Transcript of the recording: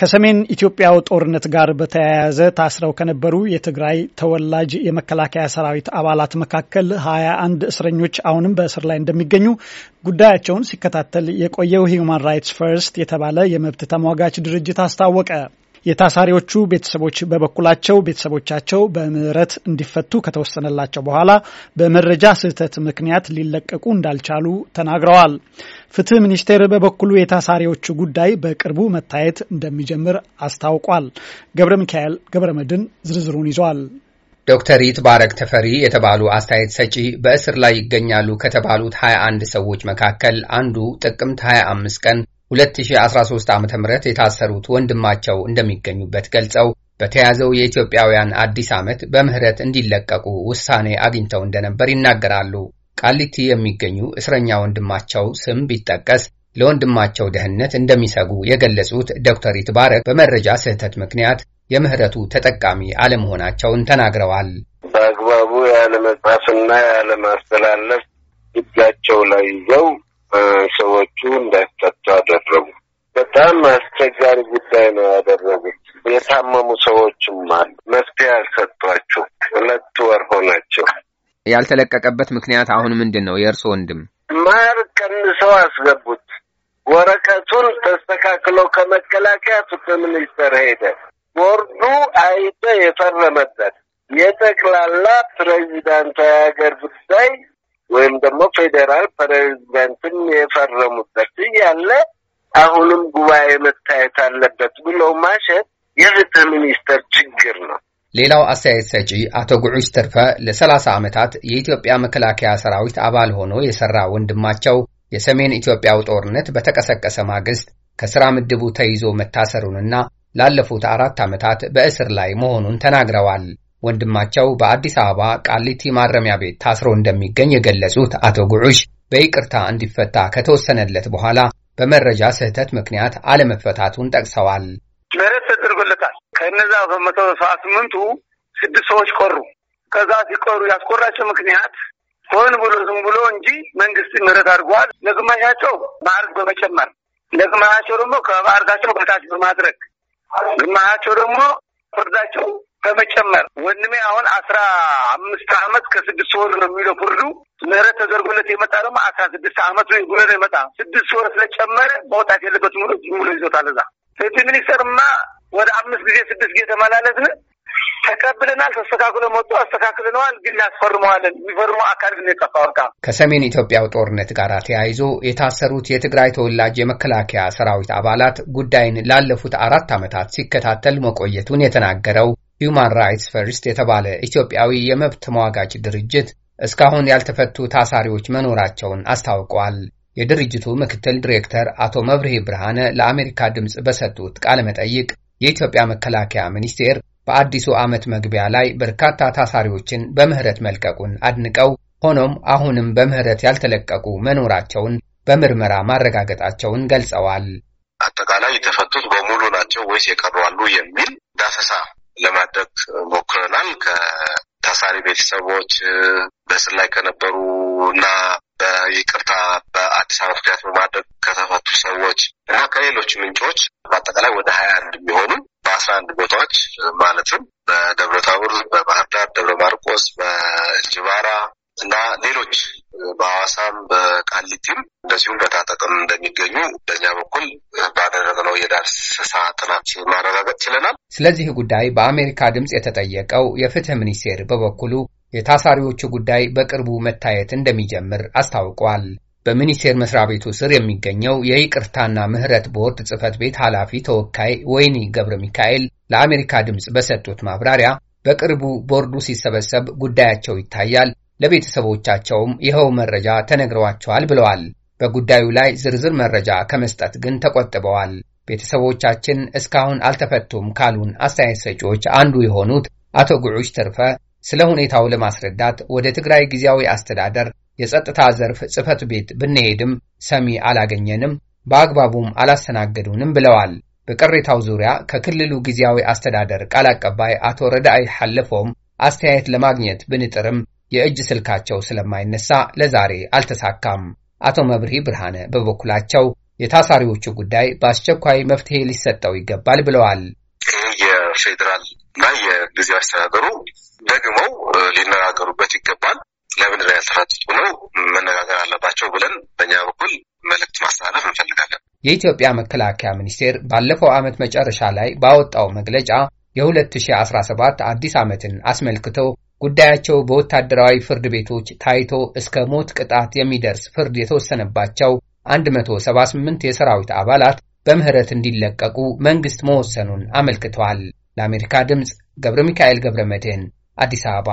ከሰሜን ኢትዮጵያው ጦርነት ጋር በተያያዘ ታስረው ከነበሩ የትግራይ ተወላጅ የመከላከያ ሰራዊት አባላት መካከል ሀያ አንድ እስረኞች አሁንም በእስር ላይ እንደሚገኙ ጉዳያቸውን ሲከታተል የቆየው ሂዩማን ራይትስ ፈርስት የተባለ የመብት ተሟጋች ድርጅት አስታወቀ። የታሳሪዎቹ ቤተሰቦች በበኩላቸው ቤተሰቦቻቸው በምህረት እንዲፈቱ ከተወሰነላቸው በኋላ በመረጃ ስህተት ምክንያት ሊለቀቁ እንዳልቻሉ ተናግረዋል። ፍትህ ሚኒስቴር በበኩሉ የታሳሪዎቹ ጉዳይ በቅርቡ መታየት እንደሚጀምር አስታውቋል። ገብረ ሚካኤል ገብረ መድን ዝርዝሩን ይዟል። ዶክተር ይትባረክ ተፈሪ የተባሉ አስተያየት ሰጪ በእስር ላይ ይገኛሉ ከተባሉት 21 ሰዎች መካከል አንዱ ጥቅምት 25 ቀን 2013 ዓ ም የታሰሩት ወንድማቸው እንደሚገኙበት ገልጸው በተያዘው የኢትዮጵያውያን አዲስ ዓመት በምህረት እንዲለቀቁ ውሳኔ አግኝተው እንደነበር ይናገራሉ። ቃሊቲ የሚገኙ እስረኛ ወንድማቸው ስም ቢጠቀስ ለወንድማቸው ደህንነት እንደሚሰጉ የገለጹት ዶክተር ይትባረክ በመረጃ ስህተት ምክንያት የምህረቱ ተጠቃሚ አለመሆናቸውን ተናግረዋል። በአግባቡ ያለመጻፍና ያለማስተላለፍ እጃቸው ላይ ይዘው ሰዎቹ እንዳይፈቱ አደረጉ። በጣም አስቸጋሪ ጉዳይ ነው ያደረጉት። የታመሙ ሰዎችም አሉ። መፍትሄ ያልሰጧቸው ሁለት ወር ሆናቸው። ያልተለቀቀበት ምክንያት አሁን ምንድን ነው? የእርስ ወንድም ማር ቀንሰው አስገቡት። ወረቀቱን ተስተካክሎ ከመከላከያ ፍትህ ሚኒስቴር ሄደ። ቦርዱ አይተ የፈረመበት የጠቅላላ ፕሬዚዳንታዊ ሀገር ጉዳይ ወይም ደግሞ ፌዴራል ፕሬዚደንትም የፈረሙበት ያለ አሁንም ጉባኤ መታየት አለበት ብሎ ማሸት የፍትህ ሚኒስቴር ችግር ነው። ሌላው አስተያየት ሰጪ አቶ ጉዑሽ ተርፈ ለሰላሳ ዓመታት የኢትዮጵያ መከላከያ ሰራዊት አባል ሆኖ የሰራ ወንድማቸው የሰሜን ኢትዮጵያው ጦርነት በተቀሰቀሰ ማግስት ከስራ ምድቡ ተይዞ መታሰሩንና ላለፉት አራት ዓመታት በእስር ላይ መሆኑን ተናግረዋል። ወንድማቸው በአዲስ አበባ ቃሊቲ ማረሚያ ቤት ታስሮ እንደሚገኝ የገለጹት አቶ ጉዑሽ በይቅርታ እንዲፈታ ከተወሰነለት በኋላ በመረጃ ስህተት ምክንያት አለመፈታቱን ጠቅሰዋል። ምህረት ተደርጎለታል። ከነዛ በመቶ ሰባ ስምንቱ ስድስት ሰዎች ቆሩ። ከዛ ሲቆሩ ያስቆራቸው ምክንያት ሆን ብሎ ዝም ብሎ እንጂ መንግስት ምህረት አድርጓል። ለግማሻቸው ማዕረግ በመጨመር ለግማሻቸው ደግሞ ከማዕረጋቸው በታች በማድረግ ግማሻቸው ደግሞ ፍርዳቸው በመጨመር ወንድሜ አሁን አስራ አምስት አመት ከስድስት ወር ነው የሚለው ፍርዱ። ምህረት ተደርጎለት የመጣ ደግሞ አስራ ስድስት አመት ነው ጉለ የመጣ ስድስት ወር ስለጨመረ መውጣት የለበት ሙሉ ሙሉ ይዞታል። እዛ ፍትህ ሚኒስተርማ ወደ አምስት ጊዜ ስድስት ጊዜ ተመላለስን። ተቀብለናል። ተስተካክሎ መጡ። አስተካክለነዋል። ግን ያስፈርመዋለን። የሚፈርመው አካል ግን የጠፋ ወርቃ ከሰሜን ኢትዮጵያው ጦርነት ጋር ተያይዞ የታሰሩት የትግራይ ተወላጅ የመከላከያ ሰራዊት አባላት ጉዳይን ላለፉት አራት አመታት ሲከታተል መቆየቱን የተናገረው ሂውማን ራይትስ ፈርስት የተባለ ኢትዮጵያዊ የመብት ተሟጋች ድርጅት እስካሁን ያልተፈቱ ታሳሪዎች መኖራቸውን አስታውቀዋል። የድርጅቱ ምክትል ዲሬክተር አቶ መብርሄ ብርሃነ ለአሜሪካ ድምፅ በሰጡት ቃለ መጠይቅ የኢትዮጵያ መከላከያ ሚኒስቴር በአዲሱ ዓመት መግቢያ ላይ በርካታ ታሳሪዎችን በምህረት መልቀቁን አድንቀው ሆኖም አሁንም በምህረት ያልተለቀቁ መኖራቸውን በምርመራ ማረጋገጣቸውን ገልጸዋል። አጠቃላይ የተፈቱት በሙሉ ናቸው ወይስ የቀሩ አሉ የሚል ዳሰሳ ለማድረግ ሞክረናል። ከታሳሪ ቤተሰቦች በእስር ላይ ከነበሩ እና በይቅርታ በአዲስ አበባ ምክንያት በማድረግ ከተፈቱ ሰዎች እና ከሌሎች ምንጮች በአጠቃላይ ወደ ሀያ አንድ የሚሆኑ በአስራ አንድ ቦታዎች ማለትም በደብረ ታቦር፣ በባህር ዳር፣ ደብረ ማርቆስ፣ በእንጅባራ እና ሌሎች በሐዋሳም በቃሊቲም እንደዚሁም በታጠቅም እንደሚገኙ በእኛ በኩል ባደረግነው የዳሰሳ ጥናት ማረጋገጥ ችለናል። ስለዚህ ጉዳይ በአሜሪካ ድምፅ የተጠየቀው የፍትህ ሚኒስቴር በበኩሉ የታሳሪዎቹ ጉዳይ በቅርቡ መታየት እንደሚጀምር አስታውቋል። በሚኒስቴር መስሪያ ቤቱ ስር የሚገኘው የይቅርታና ምህረት ቦርድ ጽህፈት ቤት ኃላፊ ተወካይ ወይኒ ገብረ ሚካኤል ለአሜሪካ ድምፅ በሰጡት ማብራሪያ በቅርቡ ቦርዱ ሲሰበሰብ ጉዳያቸው ይታያል፣ ለቤተሰቦቻቸውም ይኸው መረጃ ተነግረዋቸዋል ብለዋል። በጉዳዩ ላይ ዝርዝር መረጃ ከመስጠት ግን ተቆጥበዋል። ቤተሰቦቻችን እስካሁን አልተፈቱም ካሉን አስተያየት ሰጪዎች አንዱ የሆኑት አቶ ጉዑሽ ትርፈ ስለ ሁኔታው ለማስረዳት ወደ ትግራይ ጊዜያዊ አስተዳደር የጸጥታ ዘርፍ ጽህፈት ቤት ብንሄድም ሰሚ አላገኘንም፣ በአግባቡም አላስተናገዱንም ብለዋል። በቅሬታው ዙሪያ ከክልሉ ጊዜያዊ አስተዳደር ቃል አቀባይ አቶ ረዳይ ሐለፎም አስተያየት ለማግኘት ብንጥርም የእጅ ስልካቸው ስለማይነሳ ለዛሬ አልተሳካም። አቶ መብርሂ ብርሃነ በበኩላቸው የታሳሪዎቹ ጉዳይ በአስቸኳይ መፍትሄ ሊሰጠው ይገባል ብለዋል። የፌዴራል እና የጊዜያዊ አስተዳደሩ ደግመው ሊነጋገሩበት ይገባል። ለምን ያልተፈቱ ነው መነጋገር አለባቸው ብለን በእኛ በኩል መልእክት ማስተላለፍ እንፈልጋለን። የኢትዮጵያ መከላከያ ሚኒስቴር ባለፈው ዓመት መጨረሻ ላይ ባወጣው መግለጫ የ2017 አዲስ ዓመትን አስመልክቶ ጉዳያቸው በወታደራዊ ፍርድ ቤቶች ታይቶ እስከ ሞት ቅጣት የሚደርስ ፍርድ የተወሰነባቸው 178 የሰራዊት አባላት በምህረት እንዲለቀቁ መንግስት መወሰኑን አመልክተዋል። ለአሜሪካ ድምፅ ገብረ ሚካኤል ገብረ መድህን አዲስ አበባ